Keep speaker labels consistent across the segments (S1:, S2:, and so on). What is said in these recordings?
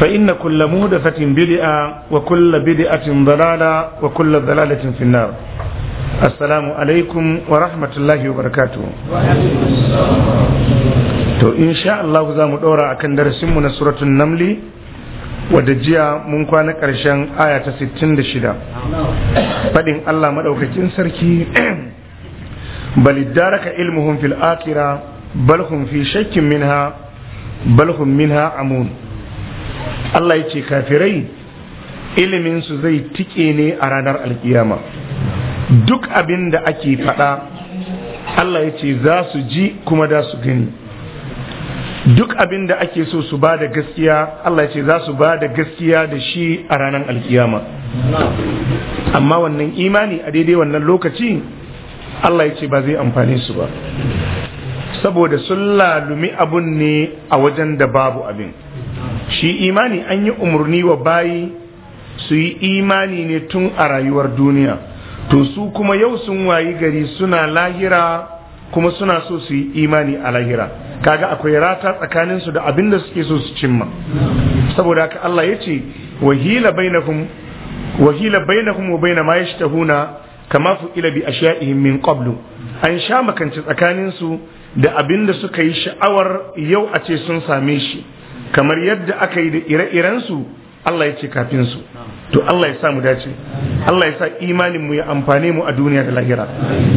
S1: فإن كل مهدفة بدعة وكل بدعة ضلالة وكل ضلالة في النار السلام عليكم ورحمة الله وبركاته to sha Allah za mu ɗora a kan darasinmu na suratun namli wadda jiya mun kwana ƙarshen aya ta 66 faɗin Allah maɗaukakin sarki balidaraka ilmuhum fil akira balhun fi shakkin minha balhun minha amun Allah ya ce kafirai iliminsu zai tike ne a ranar alkiyama duk abin da ake faɗa Allah ya ce za su ji kuma da su gani duk abin da ake so su ba da gaskiya Allah ya ce za su ba da gaskiya da shi a ranar alkiyama amma wannan imani a daidai wannan lokaci Allah ya ce ba zai amfane su ba saboda sun lalumi abun ne a wajen da babu abin shi imani an yi umarni wa bayi su yi imani ne tun a rayuwar duniya to su kuma yau sun wayi gari suna lahira kuma suna so su yi imani a lahira kaga akwai rata tsakanin su da abin da suke so su cimma saboda haka Allah ya ce wahila bainakum wahila bainakum wa baina ma yashtahuna kama ila bi ashya'ihim min qablu an sha makanci tsakanin su da abin da suka yi sha'awar yau a ce sun same shi kamar yadda aka yi da ire-irensu Allah ya ce kafin su to Allah ya sa mu dace Allah ya sa imanin mu ya amfane mu a duniya da lahira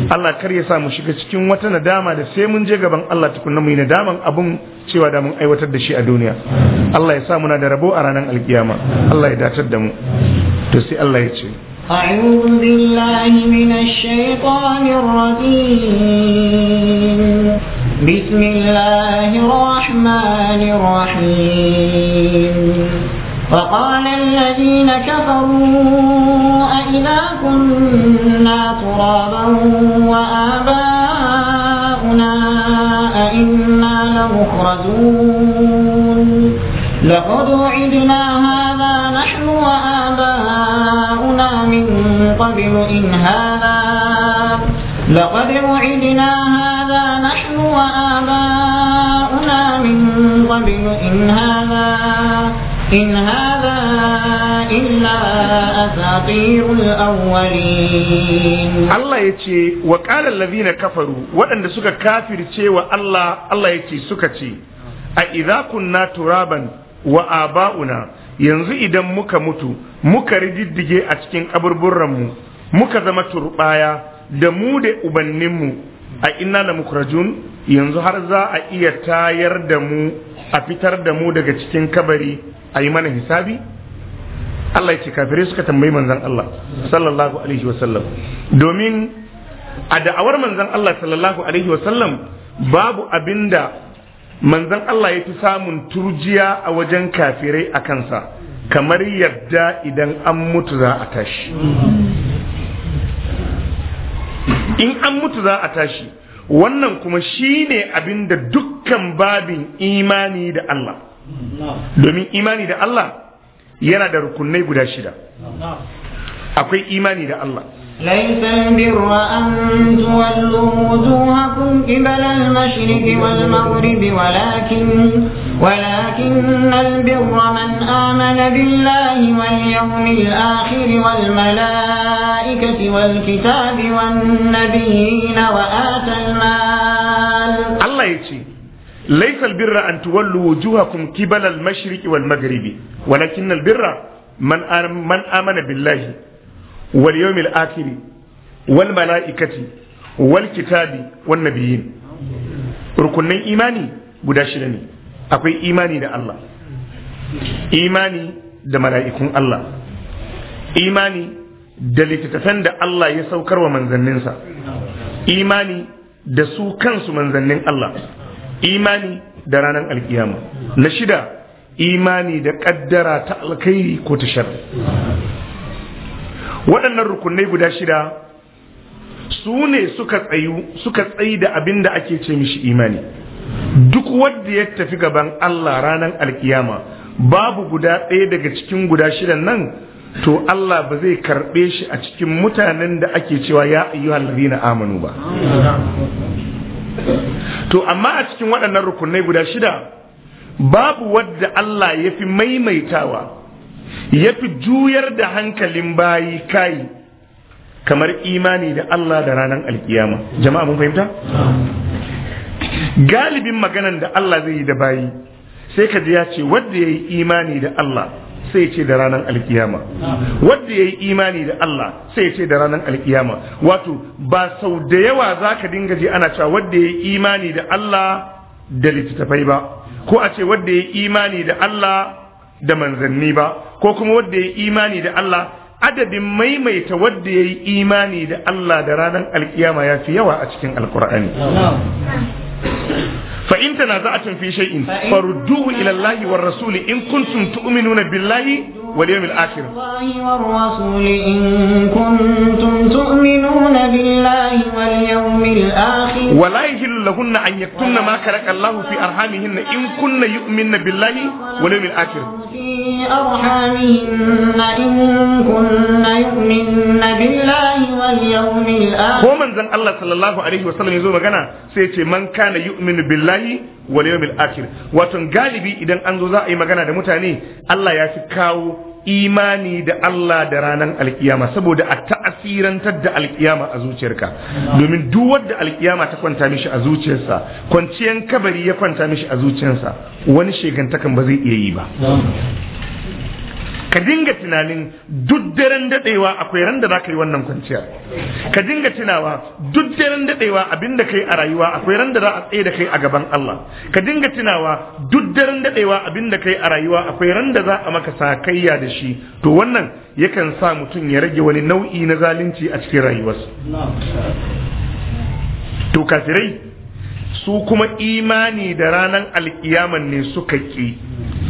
S1: Allah kar ya sa mu shiga cikin wata nadama da sai mun je gaban Allah tukunna mu yi nadaman abun cewa da mun aiwatar da shi a duniya Allah ya sa muna da rabo a ranar alkiyama Allah ya datar da mu to sai Allah ya ce
S2: أعوذ بالله من الشيطان الرجيم بسم الله الرحمن الرحيم وقال الذين كفروا أئذا كنا ترابا وآباؤنا أئنا لمخرجون لقد وعدنا هذا قبل إن هذا لقد وعدنا هذا نحن وآباؤنا من قبل إن هذا إن هذا إلا أساطير
S1: الأولين الله يتي وقال الذين كفروا وأن سكا كافر تي والله الله يتي سكا تي أإذا كنا ترابا وآباؤنا yanzu idan muka mutu muka rididdige a cikin kaburburanmu muka zama turbaya da mu da ubanninmu a inna da mukrajun yanzu har za a iya tayar da mu a fitar da mu daga cikin kabari a yi mana hisabi Allah ya ce kafirai suka tambayi manzon Allah sallallahu alaihi wa sallam. domin a da'awar manzon Allah sallallahu alaihi wa sallam, babu abinda manzon Allah ya fi samun turjiya a wajen kafirai a kansa kamar yadda idan an mutu za a tashi in an mutu za a tashi wannan kuma shi ne abin da dukkan babin imani da Allah domin imani da Allah yana da rukunai guda shida akwai imani da Allah
S2: ليس البر أن تولوا وجوهكم قبل المشرق والمغرب ولكن ولكن البر من آمن بالله واليوم الآخر والملائكة والكتاب والنبيين وآتى المال الله يجي
S1: ليس البر أن تولوا وجوهكم قبل المشرق والمغرب ولكن البر من آمن بالله wal yawmil akhir wal malaikati wal kitabi wan nabiyyin rukunnan imani guda shida ne akwai imani da Allah imani da mala'ikun Allah imani da littattafan da Allah ya saukar wa manzanninsa imani da su kansu manzannin Allah imani da ranar alkiyama na shida imani da kaddara ta alkhairi ko ta waɗannan rukunai guda shida su ne suka tsayu suka tsayi da abin da ake ce mishi imani duk wadda ya tafi gaban Allah ranar alkiyama babu guda ɗaya daga cikin guda shidan nan to Allah ba zai karɓe shi a cikin mutanen da ake cewa ya halari na amanu ba to amma a cikin waɗannan rukunai guda shida babu wadda Allah ya fi maimaitawa ya fi juyar da hankalin bayi kai kamar imani da Allah da ranar alkiyama jama'a mun fahimta galibin maganan da Allah zai yi da bayi sai ka ji ya ce wanda ya yi imani da Allah sai ce da ranar alkiyama wanda ya yi imani da Allah sai ce da ranar alkiyama wato ba sau da yawa za ka dinga ji ana cewa wadda ya yi imani da Allah da littattafai ba ko a ce wadda ya yi imani da Allah da manzanni ba ko kuma wanda ya yi imani da Allah adadin maimaita wadda ya yi imani da Allah da ranar alkiyama ya fi yawa a cikin alkur'ani fa in tanaza'atun fi shay'in farudduhu ila Allahi war rasuli in kuntum
S2: tu'minuna billahi
S1: واليوم الآخر لهن أن يكتمن ما خلق الله في أرحامهن إن كن يؤمن بالله واليوم الآخر
S2: في أرحامهن إن كن يؤمن بالله واليوم الآخر ومن
S1: ذن الله صلى الله عليه وسلم يزور مغانا سيتي من كان يؤمن بالله واليوم الآخر وتن غالبي إذا أنزو ذا أي مغانا دمتاني الله يسكاو imani da Allah da ranar alkiyama saboda a ta'asirantar da alkiyama a zuciyarka domin duk wanda alkiyama ta kwanta mishi a zuciyarsa kwanciyan kabari ya kwanta mishi a zuciyarsa wani shegantakan ba zai iya yi ba ka dinga tunanin duk daren dadewa akwai ran da za ka yi wannan kwanciyar ka dinga tunawa duk daren dadewa abin da kai a rayuwa akwai ran da za a tsaye da kai a gaban Allah ka dinga tunawa duk daren dadewa abin da kai a rayuwa akwai ran da za a maka sakayya da shi to wannan yakan sa mutum ya rage wani nau'i na zalunci a cikin rayuwarsa to kafirai su kuma imani da ranar alkiyaman ne suka ki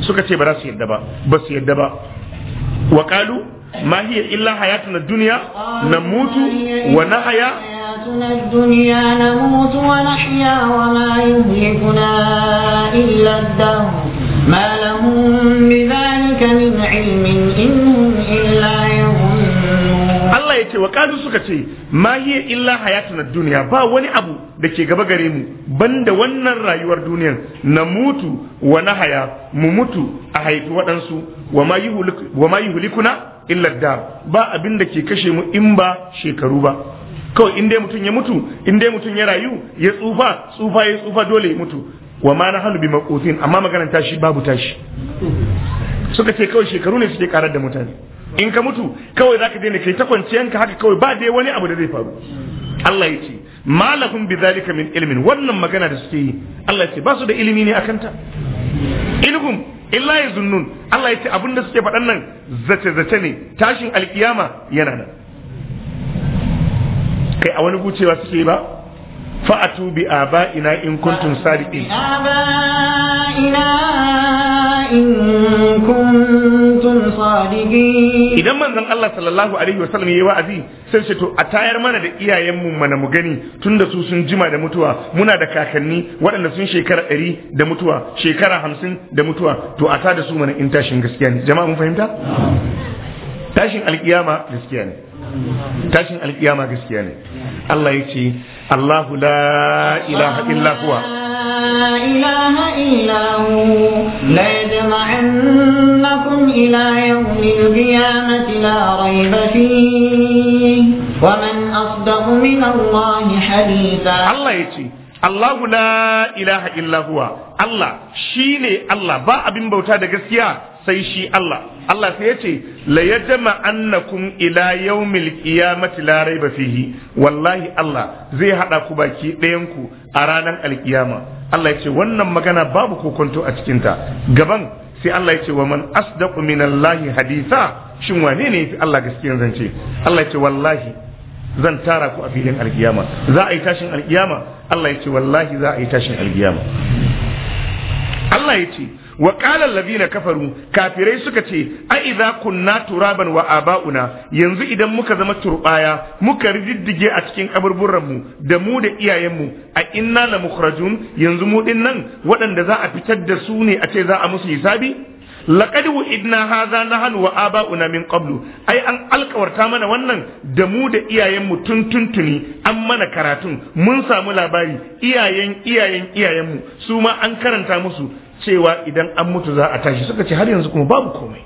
S1: suka ce ba za su yadda ba ba su yadda ba wa qalu ma hiya illa hayatuna dunya
S2: namutu wa حياتنا الدنيا نموت ونحيا وما يهلكنا إلا الدهر ما لهم بذلك من علم إن إلا Allah ya ce wa kazu
S1: suka ce ma illa illa na duniya ba wani abu da ke gaba gare mu banda wannan rayuwar duniyar na mutu wa na haya mu mutu a haifi waɗansu wa ma yuhlikuna illa dar ba abin da ke kashe mu in ba shekaru ba kawai in dai mutum ya mutu in dai mutum ya rayu ya tsufa tsufa ya tsufa dole ya mutu wa ma nahnu bi maqutin amma maganar tashi babu tashi suka ce kawai shekaru ne suke karar da mutane in ka mutu kawai zaka daina kai ta ka haka kawai ba dai wani abu da zai faru Allah ya ce malahum bi zalika min ilmin wannan magana da suke yi Allah ya ce ba su da ilimi ne akan ta illa ya zunnun Allah ya ce abin da suke faɗan nan zace-zace ne tashin alkiyama yana nan kai a wani gucewa suke ba fa'atu bi aba'ina in kuntum sadiqin
S2: aba'ina in kuntum الصالحين
S1: idan manzon Allah sallallahu alaihi wa wasallam yayi wa'azi sai ce to a tayar mana da iyayenmu mana mu gani tunda su sun jima da mutuwa muna da kakanni waɗanda sun shekara ɗari da mutuwa shekara hamsin da mutuwa to a tada su mana in tashin gaskiya ne jama'a mun fahimta tashin alkiyama gaskiya ne tashin alkiyama gaskiya ne Allah ya Allahu la ilaha illa huwa
S2: إله إلا هو ليجمعنكم إلى يوم القيامة لا ريب فيه ومن أصدق من الله حديثا الله يتي الله لا
S1: إله إلا هو الله شيني الله با أبن بوتا دقسيا sai shi Allah Allah sai ya ce la yajma annakum ila yawmil qiyamati wallahi Allah zai hada ku baki ɗayan a ranar alkiyama Allah ya ce wannan magana babu kokonto a cikinta gaban sai Allah ya ce wa man asdaqu minallahi haditha shin wane ne yafi Allah gaskiyar zance Allah ya ce wallahi zan tara ku a filin alkiyama za a yi tashin alkiyama Allah ya ce wallahi za a yi tashin alkiyama Allah ya ce wa qala allazina kafaru kafirai suka ce a kunna turaban wa abauna yanzu idan muka zama turbaya muka riddige a cikin kaburburan mu da mu da iyayenmu a inna la mukhrajun yanzu mu din nan waɗanda za a fitar da su ne a ce za a musu hisabi laqad wu'idna hadha nahnu wa aba'una min qablu ai an alkawarta mana wannan da mu da iyayen mu tun tuntuni an mana karatun mun samu labari iyayen iyayen iyayenmu su ma an karanta musu cewa idan an mutu za a tashi suka ce har yanzu kuma babu komai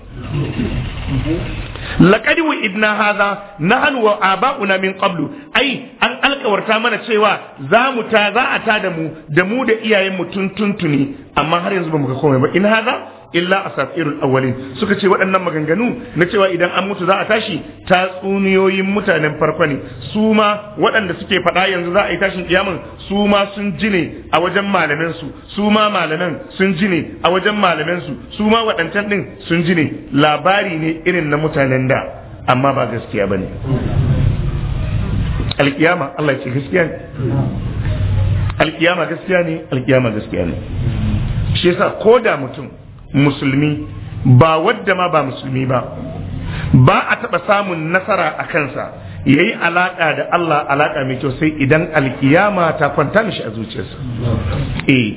S1: laqad idna hadha nahnu a aba'una min qablu ai an alkawarta mana cewa za mu ta za a ta da mu da mu da iyayen mu tun tuntuni amma har yanzu ba mu ga komai ba in haza. illa asatirul awwalin suka ce waɗannan maganganu na cewa idan an mutu za a tashi tatsuniyoyin mutanen farko ne su ma waɗanda suke faɗa yanzu za a yi tashin kiyaman su ma sun ji ne a wajen malamin su su ma malaman sun ji ne a wajen malamin su su ma waɗancan din sun ji ne labari ne irin na mutanen da amma ba gaskiya bane alkiyama Allah ce gaskiya ne alkiyama gaskiya ne alkiyama gaskiya ne shi yasa ko da mutum musulmi ba wadda ma ba musulmi ba ba a taɓa samun nasara a kansa ya yi alaƙa da Allah alaƙa mai kyau sai idan alkiyama ta kwanta mishi a zuciyarsa eh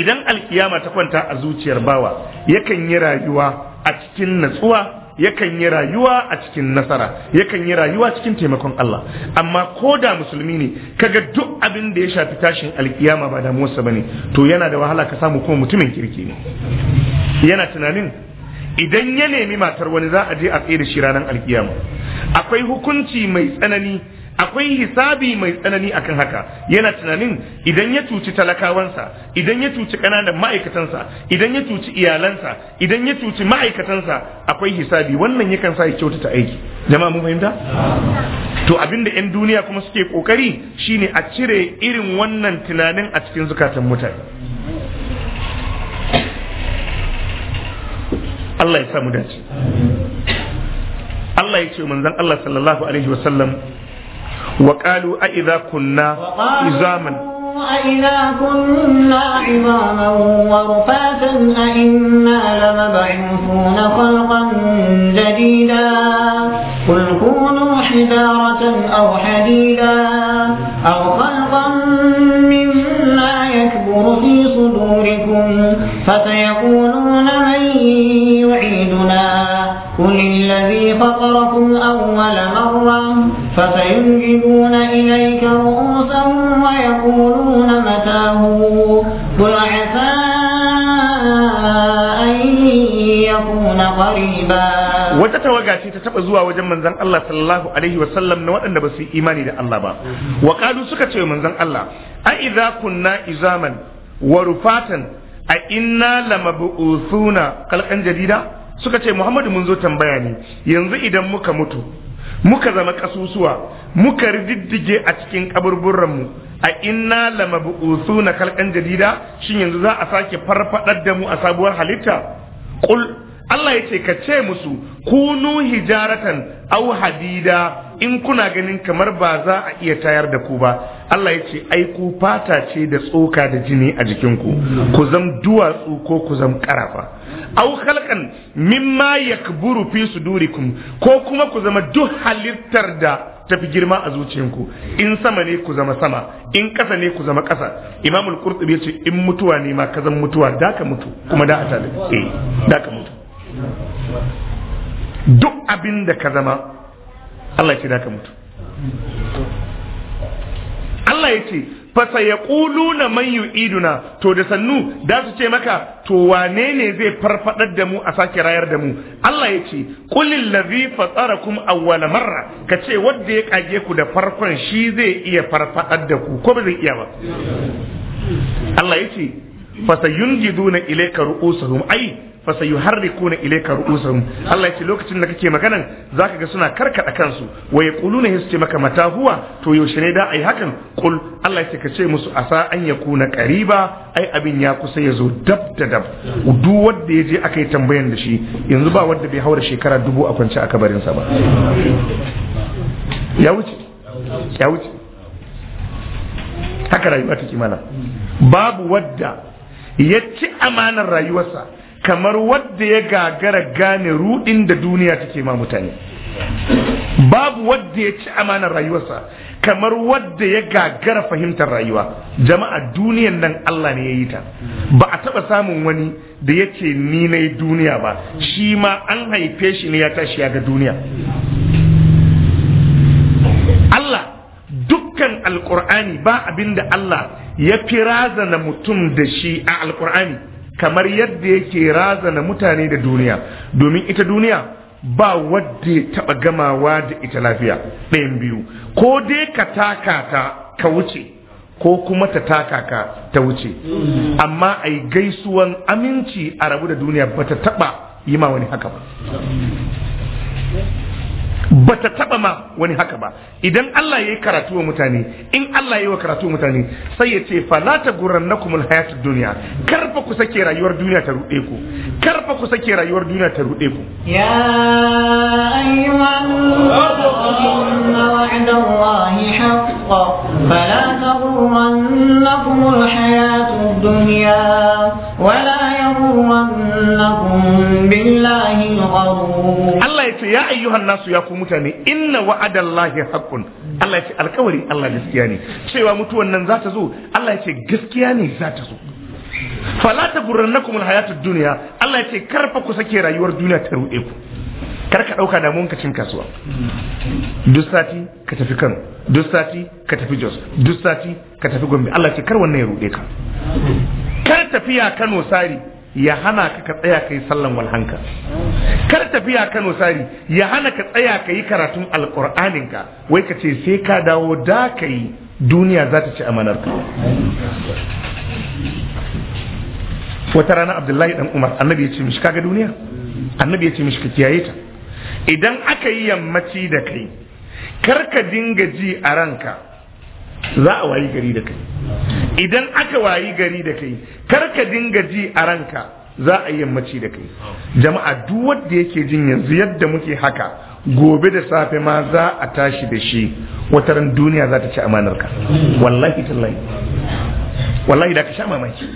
S1: idan alƙiyama ta kwanta a zuciyar bawa yakan yi rayuwa a cikin natsuwa yakan yi rayuwa a cikin nasara yakan yi rayuwa cikin taimakon Allah amma ko da musulmi ne kaga duk abin da ya shafi tashin alkiyama ba da ba bane to yana da wahala ka samu kuma mutumin kirki ne yana tunanin idan ya nemi matar wani za a je a tsaye da shi ranar alkiyama akwai hukunci mai tsanani akwai hisabi mai tsanani akan haka yana tunanin idan ya cuci talakawansa idan ya cuci ƙananan ma'aikatansa idan ya cuci iyalansa idan ya cuci ma'aikatansa akwai hisabi wannan yakan sa ya kyautata aiki jama'a mun fahimta to abinda 'yan duniya kuma suke kokari shine a cire irin wannan tunanin a cikin zukatan mutane Allah ya samu dace Allah ya ce manzon Allah sallallahu alaihi wasallam wa qalu a idza kunna izaman
S2: أإذا كنا عظاما ورفاتا أإنا لمبعوثون خلقا جديدا قل كونوا حجارة أو حديدا أو خلقا مما يكبر في صدوركم فسيقولون من يعيدنا قل الذي فطركم أول مرة فسينجبون إليك رؤوسهم ويقولون متاه قل عسى
S1: wata tawaga ce ta taba zuwa wajen manzon Allah sallallahu alaihi wa sallam na waɗanda ba su yi imani da Allah ba wa suka ce manzon Allah a idza kunna izaman wa rufatan a inna lama lamabu'usuna kalkan jarida, suka ce Muhammadu mun zo tambaya ne yanzu idan muka mutu muka zama kasusuwa muka rididdige a cikin kaburburanmu a inna lama lamabu'usuna kalkan jarida, shin yanzu za a sake farfadar da mu a sabuwar halitta Allah ya ce ka ce musu kunu hijaratan aw hadida in kuna ganin kamar ba za a iya tayar da ku ba Allah yace ce ai ku fata ce da tsoka da jini a jikinku ku zam duwatsu ko ku zam karafa au khalqan mimma yakburu fi sudurikum ko kuma ku zama duk halittar da tafi girma a zuciyanku in sama ne ku zama sama in ƙasa ne ku zama ƙasa imamul qurtubi yace in mutuwa ne ma ka mutuwa da ka mutu kuma da a eh, da ka mutu duk abin da ka zama Allah ya ce mutu Allah ya ce fasa ya na man iduna to da sannu da su ce maka to wane ne zai farfadar da mu a sake rayar da mu Allah ya ce kulil ladhi kuma awwala marra ka ce wanda ya kage ku da farkon shi zai iya farfadar da ku ko ba zai iya ba Allah ya fasayunjiduna ilayka ru'usuhum ay fasayuharrikuna ilayka ru'usuhum Allah ya ce lokacin da kake magana zaka ga suna karkada kansu wa yaquluna hiske maka mata huwa to yaushe ne da ai hakan qul Allah ya ce ka ce musu asa an yakuna qariba ai abin ya kusa ya zo dab da dab duk wanda ya je aka yi tambayan da shi yanzu ba wanda bai haura shekara dubu a kwance a kabarin sa ba ya wuce ya wuce haka rayuwa take mana babu wadda ya ci amanar rayuwarsa kamar wadda ya gagara gane rudin da duniya take ma mutane babu wadda ya ci amanar rayuwarsa kamar wadda ya gagara fahimtar rayuwa jama'a duniyan nan Allah ne ya yi ta ba a taɓa samun wani da ya ce ni na yi duniya ba shi ma an haife shi ne ya tashi ya ga duniya Allah dukkan alkur'ani ba abinda Allah ya fi razana mutum da shi a alkur'ani kamar yadda yake razana mutane da duniya domin ita duniya ba wadda ya taɓa gamawa da ita lafiya ɗayan biyu ko dai ka taka ta ka wuce ko kuma ta taka ka ta wuce amma a yi gaisuwan aminci a rabu da duniya ba ta taɓa yi ma wani haka ba ba ta taba ma wani haka ba idan Allah ya yi karatu wa mutane in Allah ya yi wa karatu wa mutane sai ya ce fala ta hayata duniya, dunya karfa ku sake rayuwar duniya ta rude ku karfa ku sake rayuwar duniya ta ruɗe
S2: ku ya ayyuhan nasu inna wa'dallahi haqqan fala
S1: Allah ya ce ya ayyuhan nasu ya ku mutane inna wa'adallahi haqqun Allah ya ce alkawari Allah gaskiya ne cewa mutuwar nan za ta zo Allah ya ce gaskiya ne za ta zo fala taburannakum alhayatud duniya. Allah ya ce karfa ku sake rayuwar duniya ta ruɗe ku kar ka da mun cin kasuwa duk sati ka tafi Kano duk sati ka tafi Jos duk sati ka tafi Gombe Allah ya ce kar wannan ya ruɗe ka kar tafiya Kano sari ya hana ka ka tsaya kai sallan walhanka kar tafiya Kano sari ya hana ka tsaya kai karatun alqur'anin ka wai ka ce sai ka dawo da kai duniya za ta ci amanar ka wata rana Abdullahi dan Umar annabi ya ce mishi kaga duniya annabi ya ce mishi ka kiyaye ta idan aka yi yammaci da kai kar ka dinga ji a ranka za a wayi gari da kai idan aka wayi gari da kai kar ka dinga ji a ranka za a yi yammaci da kai jama'a duk wanda yake jin yanzu yadda muke haka gobe da safe ma za a tashi da shi wata ran duniya za ta ci amanar ka wallahi tallahi wallahi da ka sha mamaki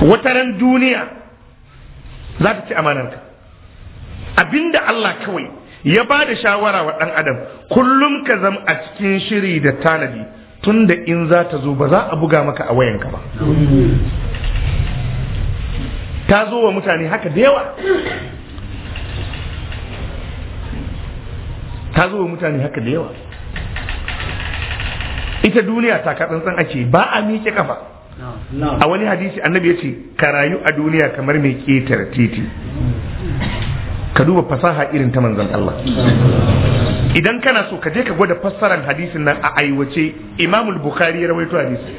S1: wata ran duniya za ta ci amanar ka abinda Allah kawai ya ba da shawara wa ɗan adam kullum ka zama a cikin shiri da tanadi tunda in za ta zo ba za a buga maka a wayanka ba ta zo wa mutane haka da yawa ta zo wa mutane haka da yawa ita duniya ta tsantsan ake ba a miƙe kafa a wani hadisi annabi ya ce ka rayu a duniya kamar mai ƙetare titi ka duba fasaha irin ta manzan Allah idan kana so ka je ka gwada fassaran hadisin nan a aiwace imamul bukhari ya rawaito hadisi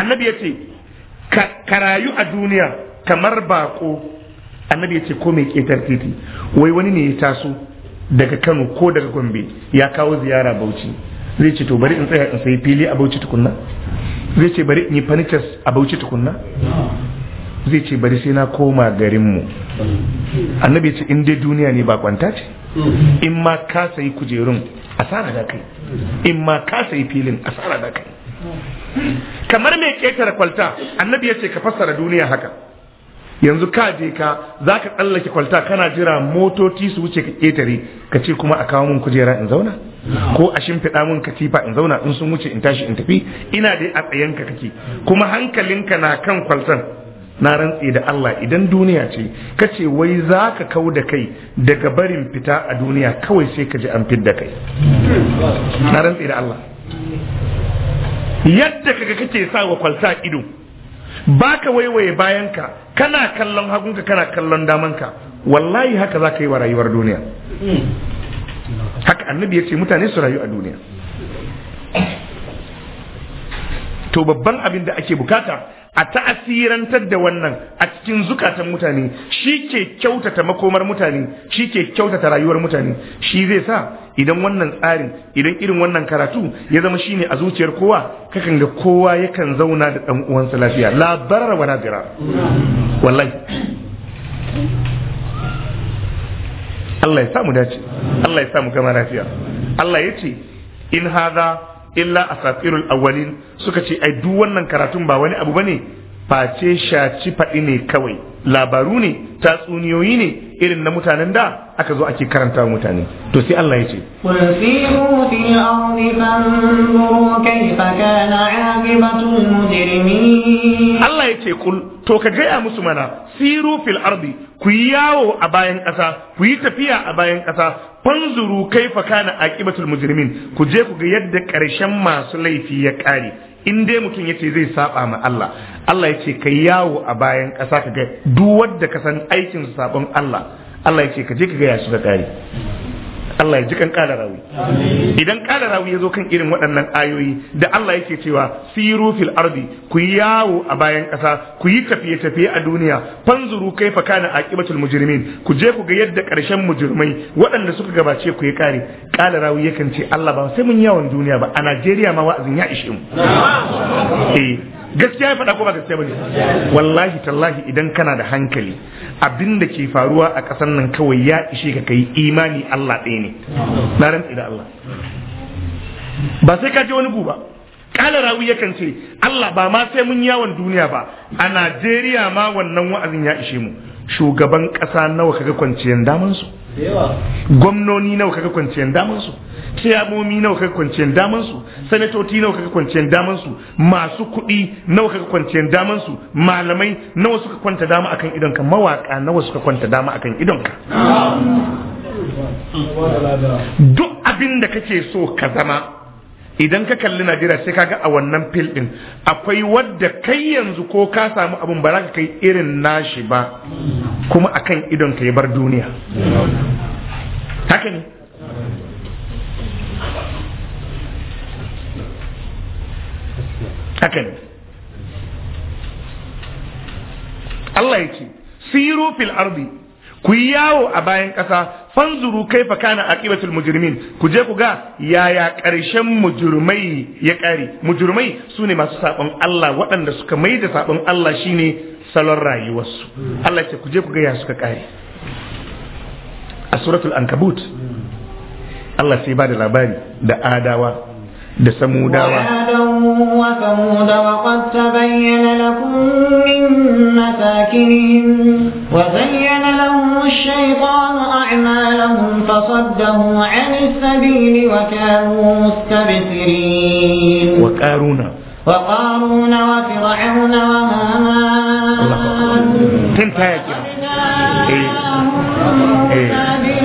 S1: annabi ya ce ka rayu a duniya kamar bako annabi ya ce ko mai ketar titi wai wani ne ya taso daga kano ko daga gombe ya kawo ziyara bauchi zai ce to bari in tsaya in sayi fili a bauchi tukunna zai ce bari in yi fanitas a bauchi tukunna zai ce bari sai na koma garinmu annabi ce in dai duniya ne ba kwanta ce in ma ka sayi kujerun asara da kai in ma ka sayi filin asara da kai kamar mai ketare kwalta annabi ya ce ka fassara duniya haka yanzu ka je ka za ka tsallake kwalta kana jira motoci su wuce ka ketare ka ce kuma a kawo mun kujera in zauna ko a shimfiɗa mun katifa in zauna in sun wuce in tashi in tafi ina dai a tsayenka kake kuma hankalinka na kan kwaltan na rantse da Allah idan duniya ce kace wai za ka kau da kai daga barin fita a duniya kawai sai ka ji an fidda kai na rantse da Allah yadda kaga kake sa wa kwalta ido baka ka waiwaye ka kana kallon hagunka kana kallon damanka wallahi haka za ka yi wa rayuwar duniya haka annabi ya ce mutane su rayu a duniya to babban abin da ake bukata a ta'asirantar da wannan a cikin zukatan mutane shi ke kyautata makomar mutane shi ke kyautata rayuwar mutane shi zai sa idan wannan tsarin idan irin wannan karatu ya zama shi ne a zuciyar kowa kakan ga kowa yakan zauna da ɗan uwansa lafiya labarar wana bira. wallai Allah ya samu dace Allah ya samu gama lafiya Allah ya ce in hadha illa asatirul awwalin suka ce ai duk wannan karatun ba wani abu bane face shaci faɗi ne kawai labaru ne tatsuniyoyi ne irin na mutanen da aka zo ake karanta mutane to sai Allah ya ce Allah ya ce kul to ka gaya musu mana siru fil ardi ku yawo a bayan ƙasa ku yi tafiya a bayan ƙasa fanzuru kaifa kana aqibatul mujrimin ku je ku ga yadda ƙarshen masu laifi ya ƙare in dai mutum yace zai saba ma Allah Allah ya ce ka yawo a bayan ƙasa ka ga duk wanda ka san aikin su sabon Allah Allah ya ce ka je ka gaya su da ƙari Allah ya ji kan ƙara rawi idan ƙara rawi ya zo kan irin waɗannan ayoyi da Allah yake cewa siru fil ardi ku yi yawo a bayan ƙasa ku yi tafiye tafiye a duniya fanzuru kai fa kana aqibatul mujrimin ku je ku ga yadda ƙarshen mujrimai waɗanda suka gabace ku yi kare. ƙara rawi yakan ce Allah ba sai mun yawon duniya ba a Najeriya ma wa'azin ya ishe mu gaskiya ya faɗa ko ba gaskiya bane wallahi tallahi idan kana da hankali abin da ke faruwa a ƙasar nan kawai ya ishe ka kai imani Allah ɗaya ne na rantsi da Allah ba sai ka je wani guba kala rawi yakan ce Allah ba ma sai mun yawon duniya ba a Najeriya ma wannan wa'azin ya ishe mu shugaban ƙasa nawa kaga kwanciyar damansu gwamnoni nawa kaga kwanciyar damansu ciyamomi nawa kaka kwanciyar daman su sanatoci nawa kaka kwanciyar daman masu kuɗi nawa kaka kwanciyar daman su malamai nawa suka kwanta dama akan idon ka? mawaka nawa suka kwanta dama akan idon ka? duk abin da kake so ka zama idan ka kalli Najeriya sai ka ga a wannan fil din akwai wadda kai yanzu ko ka samu abun ba za ka kai irin nashi ba kuma akan idon ka ya bar duniya haka ne haka Allah ya ce siru fil ardi ku yi yawo a bayan ƙasa fanzuru kai fa kana aqibatul mujrimin ku je ku ga yaya ƙarshen mujrimai ya ƙare mujrimai sune masu sabon Allah waɗanda suka mai da sabon Allah shine salon rayuwarsu Allah ya ce ku je ku ga ya suka ƙare a suratul ankabut Allah sai ba da labari da adawa da samudawa
S2: وثمود وقد تبين لكم من مساكنهم وزين لهم الشيطان أعمالهم فصده عن السبيل وكانوا مستبصرين وقارون وقارون وفرعون وهامان آية إيه. إيه.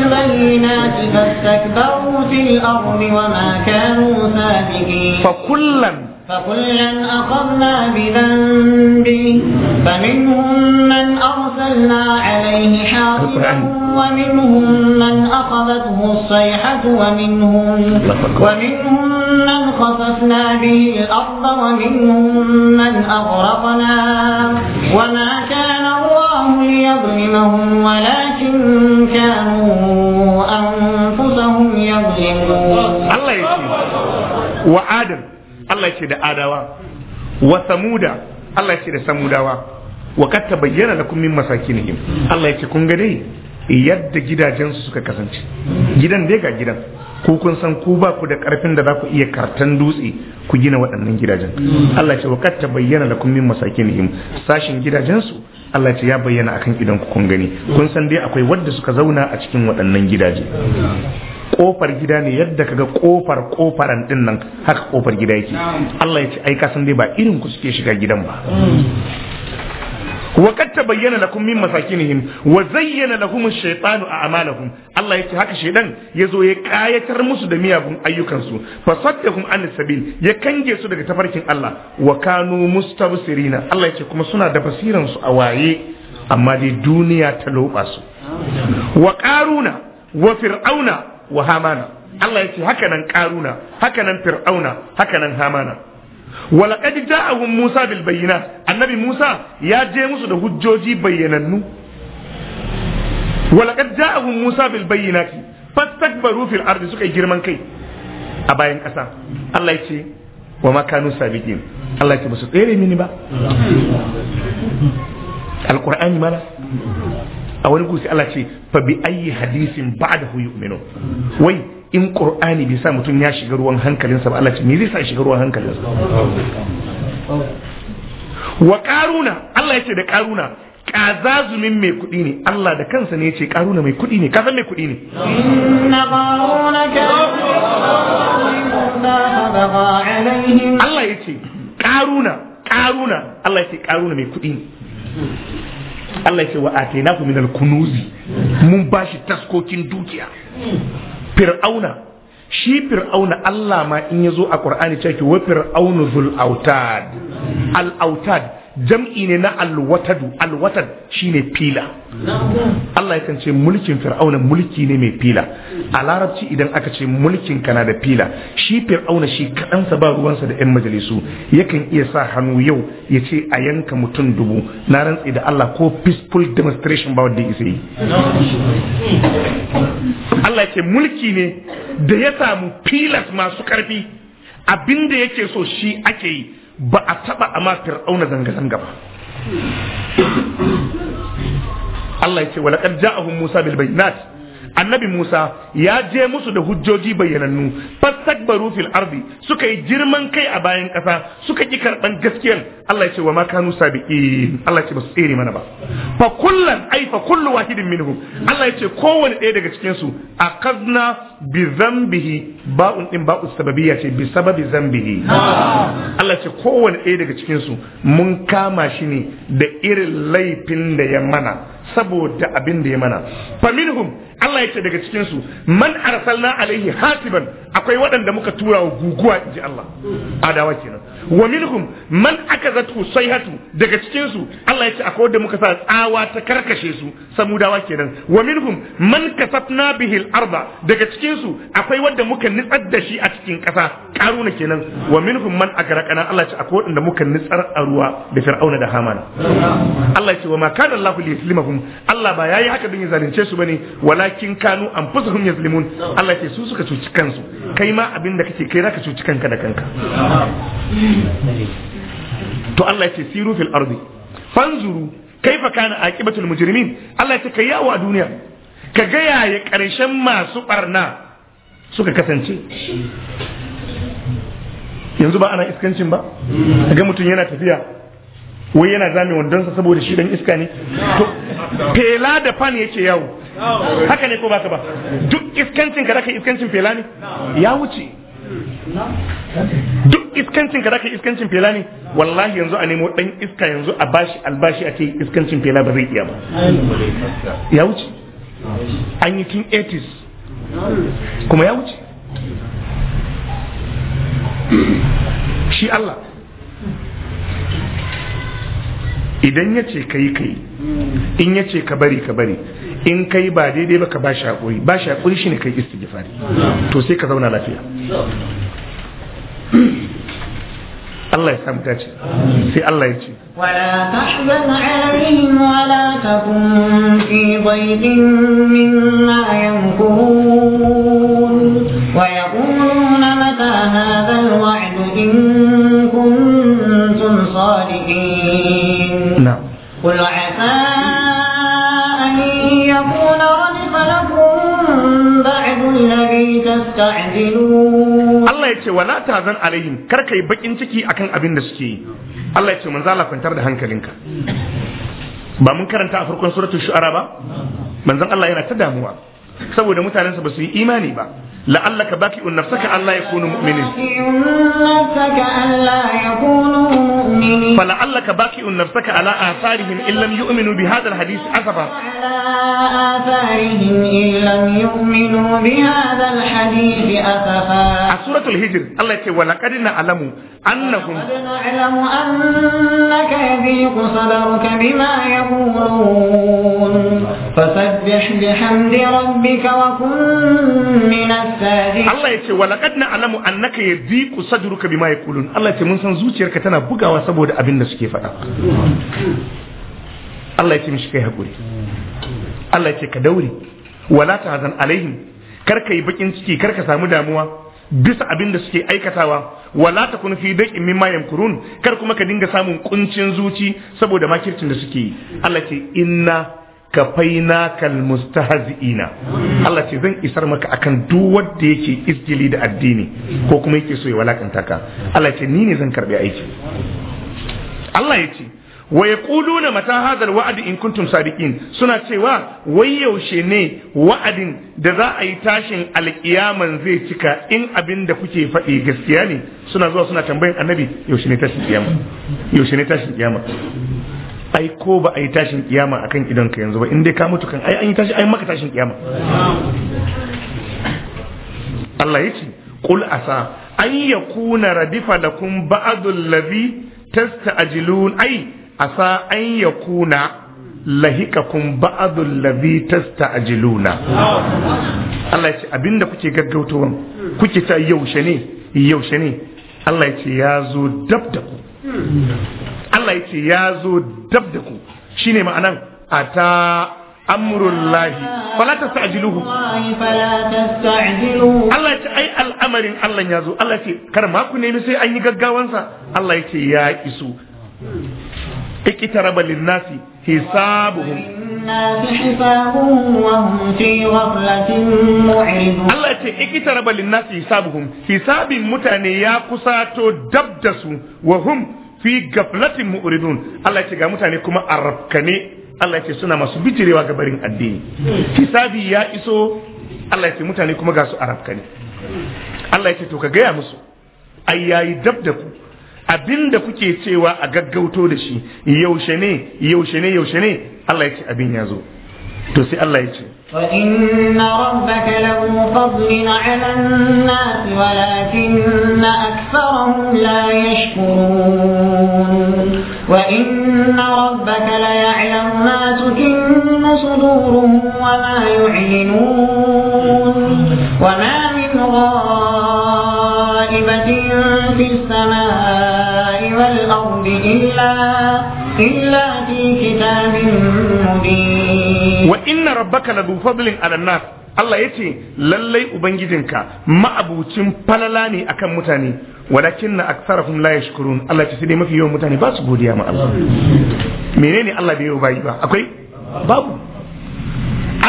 S2: بالبينات فاستكبروا في الأرض وما كانوا سابقين فكلا فكلا أخذنا بذنبه فمنهم من أرسلنا عليه حاصبا ومنهم من أخذته الصيحة ومنهم, ومنهم من خسفنا به الأرض ومنهم من أغرقنا وما كان الله ليظلمهم ولكن كانوا أنفسهم يظلمون الله
S1: وآدم Allah ce da adawa wa samuda Allah ce da samudawa wa kad tabayyana lakum min masakinihim Allah ce kun ga dai yadda gidajensu suka kasance gidan dai ga gidan ku kun san ku ba ku da karfin da za ku iya kartan dutse ku gina waɗannan gidajen Allah ce wa kad tabayyana lakum min masakinihim sashin gidajensu Allah ce ya bayyana akan idan ku kun gani kun san dai akwai wadda suka zauna a cikin waɗannan gidaje kofar gida ne yadda kaga kofar kofaran din nan haka kofar gida yake Allah ya ce ai kasan dai ba irin ku suke shiga gidan ba wa qad tabayyana lakum min masakinihim wa zayyana lahum ash-shaytanu a'malahum Allah yake haka shaiɗan ya zo ya kayatar musu da miyagun ayyukansu. su fa saddahum an sabil ya kange su daga tafarkin Allah wa kanu mustabsirina Allah yake kuma suna da basiran su a waye amma dai duniya ta lopa wa qaruna wa fir'auna wa hamana Allah ya ce haka nan karuna haka nan fir'auna haka nan hamana walaƙad ja'ahum Musa bil bayyinat annabi Musa ya je musu da hujjoji bayyanannu walaƙad ja'ahum Musa bil bayyinat fastakbaru fil ardi suka yi girman kai a bayan kasa. Allah ya ce wa ma Allah ya ce ba su mini ba alqur'ani mala a wani kusi Allah ce fa bi ayi hadisin hu yu'minu wai in qur'ani bai sa mutum ya shiga ruwan sa ba Allah ce me zai sa shiga ruwan sa wa qaruna Allah ya ce da karuna min mai kuɗi ne Allah da kansa ne ya ce karuna mai kuɗi ne san mai kuɗi ne Allah ya ce qaruna karuna Allah ya ce karuna mai kuɗi ne Allah ya ce wa atainahu al kunuzi mun bashi taskokin dukiya fir'auna shi fir'auna Allah ma in yazo a Qur'ani ce wa fir'aunu zul autad al autad jam'i ne na alwatadu alwatad shine fila Allah ya kance mulkin fir'auna mulki ne mai fila a larabci idan aka ce mulkin kana da fila shi fir'auna shi kaɗansa ba ruwansa da 'yan majalisu yakan iya sa hannu yau ya ce a yanka mutum dubu na rantsi da Allah ko peaceful demonstration ba wanda yake yi Allah ya ce mulki ne da ya samu filas masu karfi abinda yake so shi ake yi ba a taba amma auna zanga-zanga ba Allah ya ce wa laqad ja'ahum Musa bil bayyinat annabi Musa ya je musu da hujjoji bayyanannu fastakbaru fil ardi suka yi girman kai a bayan kasa suka ki karban gaskiyan Allah ya ce wa ma kanu Allah ya ce su tsere mana ba fa kullan ai fa kullu wahidin minhum Allah ya ce kowanne ɗaya daga cikin su akazna bi dhanbihi ba'un din ba'u sababiyya ce bi sababi zambihi ah. Allah ce kowane ɗaya daga cikin su mun kama shi ne da irin laifin da ya mana saboda abin da ya mana fa minhum Allah ya ce daga cikin su man arsalna alaihi hasiban akwai waɗanda muka tura wa guguwa inji Allah adawa kenan wa minhum man akazatu sayhatu daga cikin su Allah ya ce akwai wanda muka sa tsawa ta karkashe su samudawa kenan wa minhum man kasafna bihi arda daga cikin su akwai wanda muka nitsar da shi a cikin kasa karuna kenan wa minhum man agraqana Allah ya ce akwai wanda muka nitsar a ruwa da fir'auna da hamana Allah ya ce wa ma kana Allah li yuslimahum Allah ba yayi haka don ya zalunce su bane walakin kanu anfusuhum yuzlimun Allah ya ce su suka cuci kansu kai ma abin da kake kai zaka cuci kanka da kanka to Allah ya ce siru fil ardi fanzuru kaifa kana aqibatul mujrimin Allah ya ce kai yawo a duniya ka ga yaya karshen masu barna suka kasance yanzu ba ana iskancin ba ga mutum yana tafiya wai yana zame wandon sa saboda shi dan iska ne to fela da fan yake yawo haka ne ko ba ka ba duk iskancin ka da iskancin fela ne ya wuce duk iskancin ka zaka iskancin fela ne wallahi yanzu a nemo dan iska yanzu a bashi albashi a ce iskancin fela ba zai iya ba ya wuce an yi kin 80s kuma ya wuce shi Allah idan ya ce ka yi ka yi in ya ce ka bari ka bari in kai ba daidai ba ka ba shi haƙuri ba shi haƙuri shine kai istighfari to sai ka zauna lafiya Allah ya samu dace sai Allah ya ce
S2: ولا تحزن عليهم ولا تكن في ضيق مما يمكرون ويقولون متى هذا الوعد إن كنتم صادقين نعم قل تستعجلون
S1: الله يتي ولا تهزن عليهم كركا يبقين تكي أكن أبين دسكي الله يتي من زالة كنتر دهان كلينك ba mun karanta a farkon suratul shu'ara ba manzon Allah yana ta damuwa saboda mutanensa ba su yi imani ba la'allaka baqi'un nafsaka Allah ya kunu mu'minin فلعلك باقي نفسك على آثارهم إن لم يؤمنوا بهذا الحديث أسفا
S2: على آثارهم إن لم يؤمنوا بهذا الحديث أسفا
S1: سورة الهجر الله يقول ولقد نعلم أنهم
S2: نعلم أنك يضيق صدرك بما يقولون فسبح بحمد ربك وكن من naka ya bi ولقد
S1: نعلم انك bi صدرك بما Allah ya ce mun san zuciyarka tana bugawa saboda abin da suke faɗa Allah ya ce mishi kai hakuri. Allah ya ce ka daure wala ta hazan alaihim kar ka yi bakin ciki kar ka samu damuwa bisa abin da suke aikatawa wala ta kun fi daƙin mimma yamkurun kar kuma ka dinga samun ƙuncin zuci saboda makircin da suke yi Allah ce inna kafaina kal mustahzi'ina Allah ce zan isar maka akan duk wanda yake isjili da addini ko kuma yake so ya walakanta ka Allah ce ni ne zan karbi aiki Allah ya ce wa yaquluna mata hadal wa'd in kuntum sadiqin suna cewa wai yaushe ne wa'adin da za a yi tashin alkiyaman zai cika in abin da kuke faɗi gaskiya ne suna zuwa suna tambayin annabi yaushe ne tashin kiyama yaushe ne tashin kiyama ai ko ba a yi tashin kiyama akan idan ka yanzu ba in dai ka mutu kan ai an yi tashi ai maka tashin kiyama Allah yake kul asa an kuna radifa lakum ba'dul ladhi tasta'jilun ai asa an yakuna lahikakum ba'dul ladhi tasta'jiluna Allah yake abinda kuke gaggautowa kuke ta yaushe ne yaushe ne Allah yake ya zo dab da ku Allah ya ce ya zo dab da ku Shi ne ma'anan ata Lahi. fala tastajiluhu
S2: Allah ya ce ai al'amarin
S1: Allah ya zo Allah ya ce kar ma ku nemi sai an yi gaggawansa Allah ya ce ya isu ikitaraba linnasi hisabuhum
S2: Allah ce ikita raba
S1: linnasi hisabuhum hisabin mutane ya kusato dab da su wa hum fi gaflatin mu'ridun Allah ya ce ga mutane kuma arabkane Allah ce suna masu bijirewa ga barin addini hisabi ya iso Allah ya ce mutane kuma ga su arabkane Allah ya ce to ka gaya musu ai yayi dab da ku abinda kuke cewa a gaggauto da shi yaushe ne yaushe ne yaushe ne Allah ya ce abin ya zo to sai Allah
S2: وإن ربك له فضل على الناس ولكن أكثرهم لا يشكرون وإن ربك ليعلم ما تكن صدورهم وما يعلنون وما من غائبة في السماء والأرض إلا إلا في كتاب مبين inna
S1: rabbaka ladu fadlin ala nas Allah yace lallai ubangijinka ma'abucin falala ne akan mutane walakin na aksarahum la yashkurun Allah ya sai mafi yawan mutane ba su godiya ma Allah menene Allah bai yau bayi ba akwai babu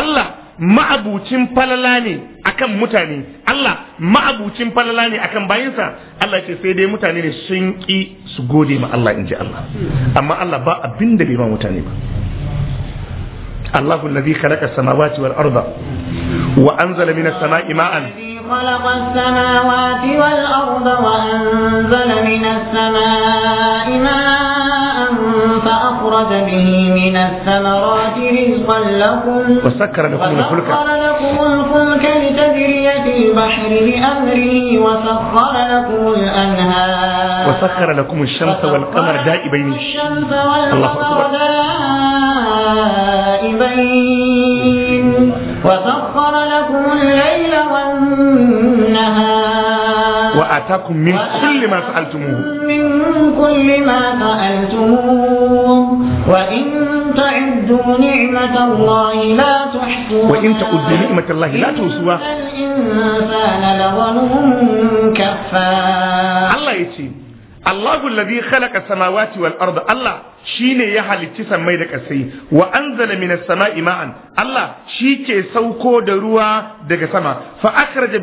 S1: Allah ma'abucin falala ne akan mutane Allah ma'abucin falala ne akan bayinsa Allah ce sai dai mutane ne sun ki su gode ma Allah inji Allah amma Allah ba abin da bai ma mutane ba الله الذي خلق السماوات والأرض وأنزل من السماء ماء
S2: خلق السماوات والأرض وأنزل من السماء ماء أخرج به من الثمرات رزقا لكم
S1: وسكر لكم الفلك وسخر
S2: لكم الفلك لتجري في البحر بأمره وسخر لكم الأنهار
S1: وسخر لكم الشمس والقمر دائبين
S2: الشمس والقمر دائبين وسخر لكم الليل والنهار
S1: وآتاكم من كل ما سألتموه
S2: من كل ما سألتموه وإن تعدوا نعمة الله لا تحصوها وإن تعدوا نعمة الله لا تحصوها الإنسان لظلوم
S1: كفار الله يتيم Allahu alladhi khalaqa samawati wal arda Allah shine ya halicci sammai da ƙasai wa anzala minas Allah shi ke sauko da ruwa daga sama fa akhraja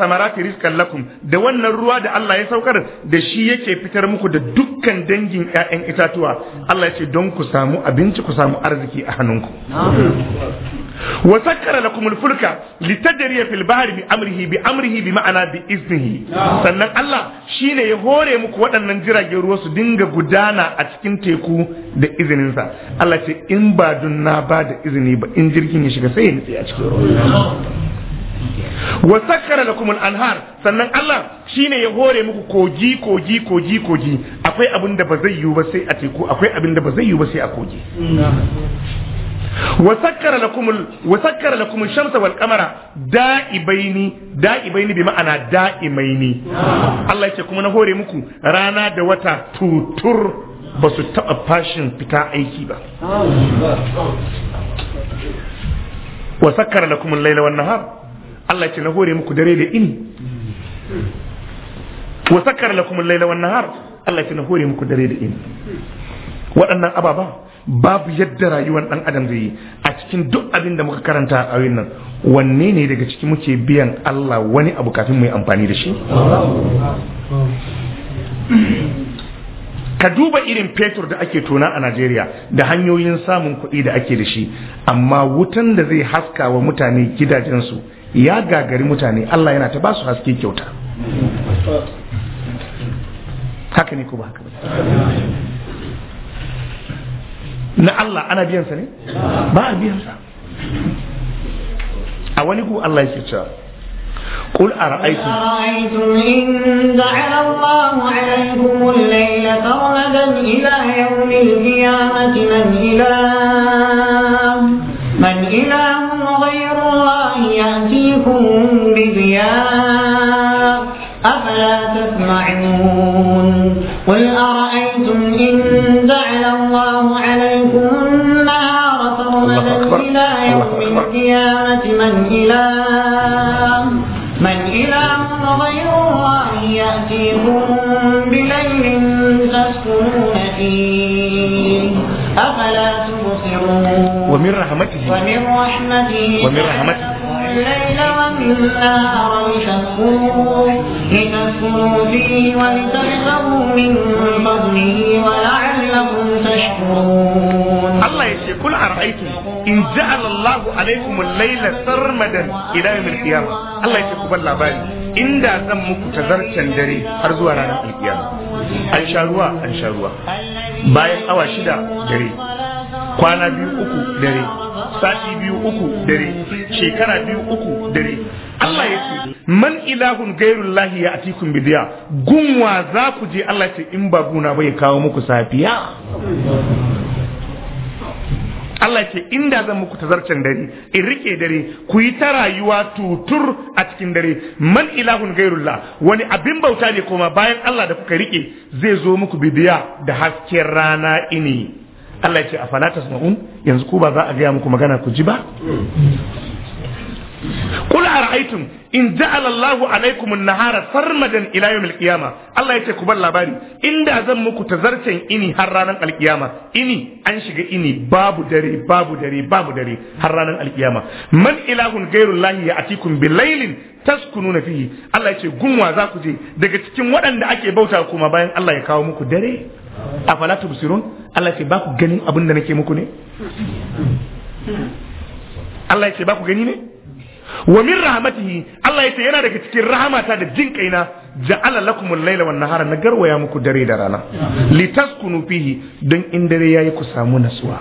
S1: samarati rizqan da wannan ruwa da Allah ya saukar da shi yake fitar muku da dukkan dangin 'ya'yan itatuwa Allah ya ce don ku samu abinci ku samu arziki a hannunku wa sakkara lakum al-fulka litadriya fil bahri bi amrihi bi amrihi bi ma'ana bi iznihi sannan Allah shine ya hore muku waɗannan jiragen ruwa su dinga gudana a cikin teku da izinin sa Allah ce in ba dun na ba da izini ba in jirgin ya shiga sai ya nitsi a cikin ruwa wa sakkara lakum al-anhar sannan Allah shine ya hore muku kogi kogi kogi kogi akwai abinda ba zai yiwu ba sai a teku akwai abinda da ba zai yiwu ba sai a kogi wa sakkara lakumul wa sakkara lakumul shamsa wal qamara da'ibaini da'ibaini bi ma'ana da'imaini Allah yake kuma na hore muku rana da wata tutur ba su taɓa fashin fita aiki ba wa sakkara lakumul laila wan nahar Allah yake na hore muku dare da laila Allah na hore muku dare da waɗannan ababa babu yadda rayuwar ɗan adam zai yi a cikin duk abin da muka karanta a ayoyin nan wanne ne daga ciki muke biyan Allah wani abu kafin mu yi amfani da shi ka duba irin fetur da ake tona a Najeriya da hanyoyin samun kuɗi da ake da shi amma wutan da zai haska wa mutane gidajensu ya gagari mutane Allah yana ta ba su haske kyauta haka ne ko ba haka ba na Allah ana biyan sa ne ba a biyan sa a wani ku Allah yake cewa قل أرأيتم
S2: أرأيتم إن جعل الله عليكم الليل سرمدا إلى يوم القيامة من إله من إله غير الله يأتيكم بضياء أفلا تسمعون قل أرأيتم إن جعل الله عليكم النهار سرمدا إلى يوم القيامة من إله من إله غير الله يأتيكم بليل تسكنون فيه أفلا تبصرون ومن
S1: رحمته ومن
S2: رحمته ومن رحمته الليل والنهار لتكفروا لتكفروا فيه ولتبتغوا من فضله ولعلكم تشكرون الله يشي قل أرأيتم إن جعل الله
S1: عليكم الليل سرمدا إلى يوم القيامة الله يشي قبل لبالي inda zan muku tazarcen dare har zuwa ranar alkiyama an sha ruwa an sha ruwa bayan awa shida dare kwana biyu uku dare sati biyu uku dare shekara biyu uku dare Allah ya ce man ilahun gairullahi ya atikun bidiya gunwa za ku je Allah ce in ba guna bai kawo muku safiya Allah ce inda zan muku tazarcen dare in rike dare ku yi ta rayuwa tutur a cikin dare man ilahun gairullah wani abin bauta ne koma bayan Allah da kuka rike zai zo muku bidiya da hasken rana ini Allah ya ce a yanzu ku ba za a gaya muku magana ku ji ba? Kul a ra'aitun in ja'ala Allahu alaikum an-nahara farmadan ila yawm al-qiyama Allah ya ce ku bar labari inda zan muku tazarcen ini har ranar al-qiyama ini an shiga ini babu dare babu dare babu dare har ranar al-qiyama man ilahun ghayru lahiya a tikun bi laylin taskununa fihi Allah ya ce gunwa za ku je daga cikin waɗanda ake bauta kuma bayan Allah ya kawo muku dare afala tubsirun Allah ce ba ku abin da nake muku ne Allah ya ce ba ku gani ne wa min rahmatihi Allah ya ce yana daga cikin rahamata da jin kaina ja'ala lakum al-laila wan nahara na garwaya muku dare da rana litaskunu fihi don in dare yayi ku samu nasuwa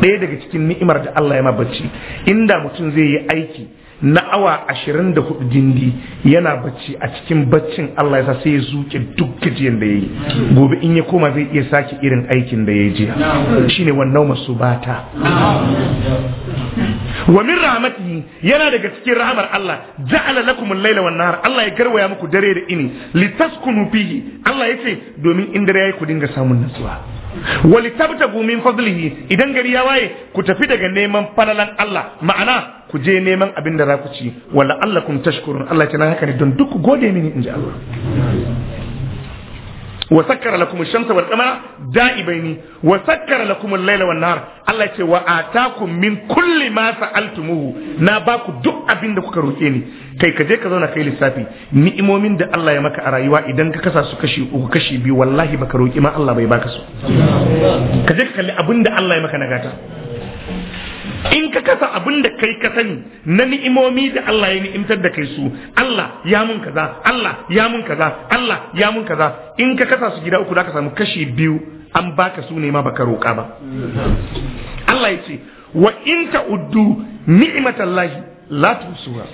S1: Daya daga cikin ni'imar da Allah ya ma inda mutum zai yi aiki na awa ashirin da hudu dindi yana bacci a cikin baccin Allah ya sa sai ya zuke duk gajiyan da yayi gobe in ya koma zai iya sake irin aikin da ya yi jiya shine wannan masu bata wa min rahmatihi yana daga cikin rahmar Allah ja'ala lakum al-laila wan nahar Allah ya garwaya muku dare da ini litaskunu fihi Allah yace domin in dare yayi ku dinga samun natsuwa wali min fadlihi idan gari ya waye ku tafi daga neman falalan Allah ma'ana ku je neman abin da za ku ci wala allakum tashkurun Allah kina haka ne don duk gode mini inji Allah wa sakkara lakum ash-shamsa wal qamara da'ibaini wa sakkara lakum al-laila wan nahar Allah ya ce wa atakum min kulli ma sa'altumuhu na baku duk abin da kuka roke ni kai ka je ka zauna kai lissafi ni'imomin da Allah ya maka a rayuwa idan ka kasa su kashi uku kashi biyu wallahi baka roki ma Allah bai baka su ka je ka kalli abin da Allah ya maka na gata in ka kasa abin da kai ka sani na ni'imomi da Allah ya ni'imtar da kai su Allah ya mun kaza Allah ya mun kaza Allah ya mun kaza in ka kasa su gida uku zaka samu kashi biyu an baka su ne ma baka roƙa ba Allah ya ce wa in ta uddu ni'matallahi la tusura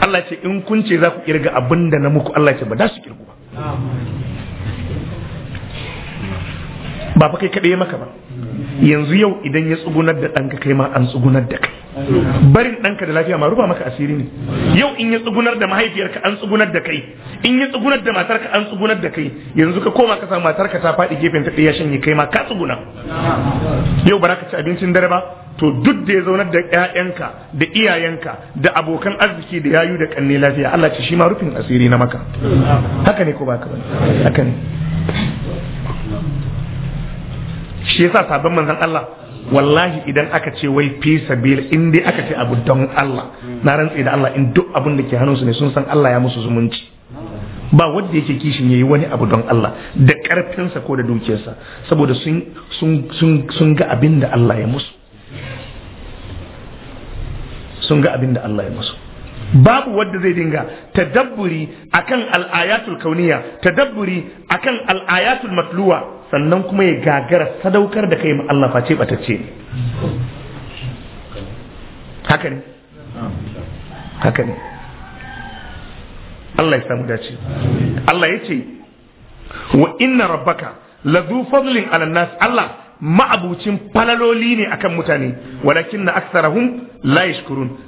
S1: Allah ya ce in kun ce za ku kirga abin da na muku Allah ya ce ba za su kirgu ba ba fa kai kadai maka ba yanzu yau idan ya tsugunar da ɗanka kai ma an tsugunar da kai barin ɗanka da lafiya ma rufa maka asiri ne yau in ya tsugunar da mahaifiyarka an tsugunar da kai in ya tsugunar da matarka an tsugunar da kai yanzu ka koma ka samu matarka ta faɗi gefen ta ɗaya shanye kai ma ka tsuguna yau ba ka ci abincin dare ba to duk da ya zaunar da ƴaƴanka da iyayenka da abokan arziki da yayu da kanne lafiya Allah ce shi ma rufin asiri na maka haka ne ko ka bane haka ne shi yasa sabon manzon Allah wallahi idan aka ce wai fi sabil in dai aka ce abu don Allah na rantse da Allah in duk abin da ke hannunsu ne sun san Allah ya musu zumunci ba wanda yake kishin yayi wani abu don Allah da karfinsa ko da dukiyarsa saboda sun sun sun ga abin da Allah ya musu sun ga abin da Allah ya musu babu wanda zai dinga tadabburi akan al'ayatul kauniya tadabburi akan al'ayatul matluwa sannan kuma ya gagara sadaukar da kai Allah face batacce haka ne haka ne Allah ya samu dace Allah ya ce wa inna rabbaka lazu fadlin ala nas Allah ma'abucin falaloli ne akan mutane walakin na aksarahum la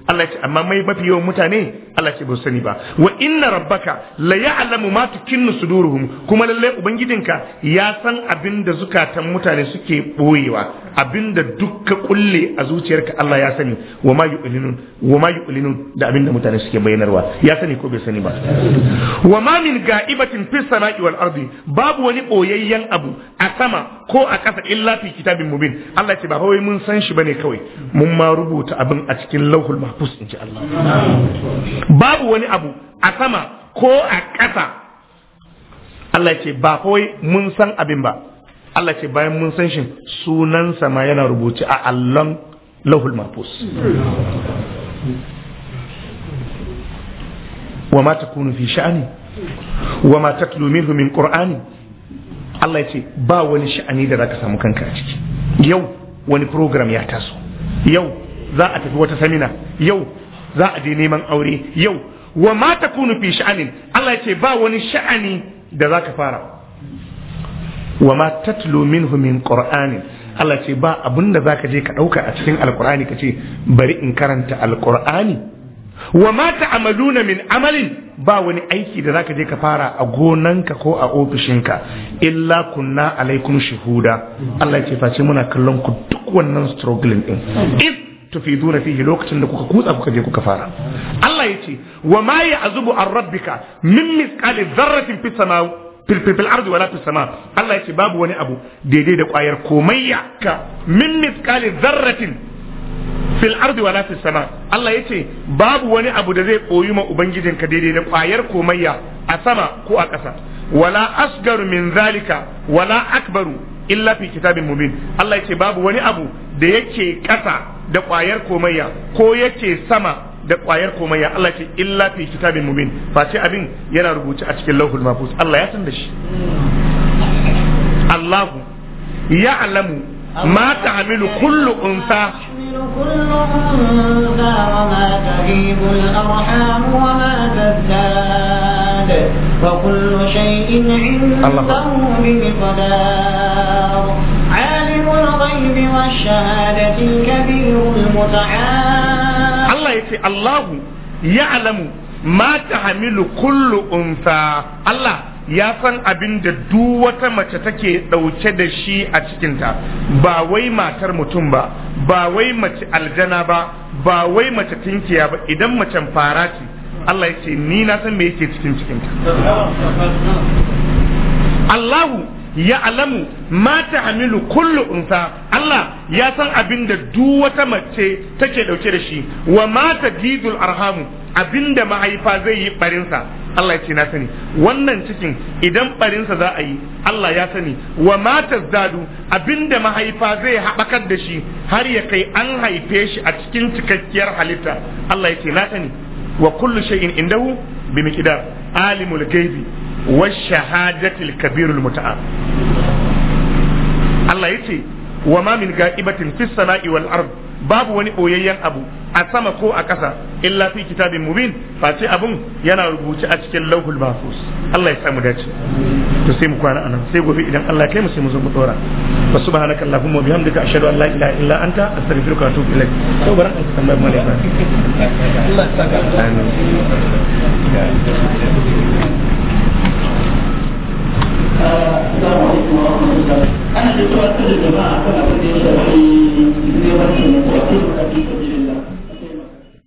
S1: Allah ce amma mai mafi yawan mutane Allah ce bai sani ba wa inna rabbaka la ya'lamu ma tukinnu suduruhum kuma lalle ubangijinka ya san abinda zukatan mutane suke boyewa Abinda duk dukka kulle a zuciyarka Allah ya sani wa ma yu'linun wa ma yu'linun da abinda mutane suke bayyanarwa ya sani ko bai sani ba wa ma min ga'ibatin fis sama'i wal ardi babu wani boyayyen abu a sama ko a ƙasa illa fi kitabin mubin Allah ce ba kawai mun san shi bane kawai mun ma rubuta abin a cikin lauhul mahfuz in ji Allah babu wani abu a sama ko a ƙasa Allah ce ba kawai mun san abin ba Allah ce bayan mun san shi sunansa ma yana rubuce a allon lauhul mahfuz wa ma takunu fi sha'ani wa ma tatlu minhu min qur'ani Allah ya ce ba wani sha'ani da zaka samu kanka a ciki yau wani program ya taso yau za a tafi wata samina yau za a je neman aure yau wa ma takunu fi sha'anin Allah ya ce ba wani sha'ani da zaka fara wa ma tatlu minhu min qur'anin Allah ce ba abunda zaka je ka dauka a cikin alqur'ani ka ce bari in karanta alqur'ani wa mata amaluna min amalin ba wani aiki da zaka je ka fara a gonanka ko a ofishinka illa kunna alaikum shuhuda Allah ya ce face muna kallon ku duk wannan struggling din if tufiduna fihi lokacin da kuka kutsa kuka je kuka fara Allah ya ce wa ma ya'zubu an rabbika min misqali dharratin fis samawati fil ardi wala fis sama Allah ce babu wani abu daidai da kwayar komayya ka min mithqali dharratin fil ardi wala fis sama Allah yace babu wani abu da zai koyi ma ka daidai da kwayar komayya a sama ko a ƙasa wala asgaru min zalika wala akbaru illa fi kitabin mubin Allah yace babu wani abu da yake ƙasa da kwayar komayya ko yake sama da kwayar komayya Allah yace illa fi kitabin mubin face abin yana rubuce a cikin lauhul mahfuz Allah ya san da shi Allahu ya'lamu ma ta'amilu kullu unsa
S2: كل أنثى وما تغيب الأرحام وما تزداد وكل شيء عنده بمقدار عالم الغيب والشهادة الكبير المتعال الله
S1: يتي الله يعلم ما تحمل كل أنثى الله ya san abin da duk wata mace take ɗauke da shi a cikinta ba wai matar mutum ba ba wai mace aljana ba ba wai mace tinkiya ba idan macen fara ce Allah ya ce ni na san me yake cikin cikinta Allahu ya alamu mata ta hamilu kullu unsa Allah ya san abin da duk wata mace take ɗauke da shi wa ma ta arhamu abin da mahaifa zai yi barinsa Allah ya ce na sani wannan cikin idan barinsa za a yi Allah ya sani wa matar zadu abinda mahaifa zai haɓakar da shi har ya kai an haife shi a cikin cikakkiyar halitta Allah ya ce na sani wa kullu shay'in indahu bi miqdar alimul ghaibi wash shahadatil kabirul muta'al Allah ya ce wa ma min ga'ibatin fis sama'i wal ardh babu wani boyayyen abu a sama ko a ƙasa illa fi kitabin mubin face abun yana rubuce a cikin lauhul mahfuz Allah ya samu dace to sai mu kwana anan sai gobe idan Allah kai mu sai mu zo mu dora wa subhanaka allahumma bihamdika ashhadu an la ilaha illa anta astaghfiruka wa atubu ilaik to baran an Allah ya saka
S3: السلام عليكم ورحمة الله أنا دكتور أرسل الجماعة كما بدي أشرح في زيارة المتوكل في سبيل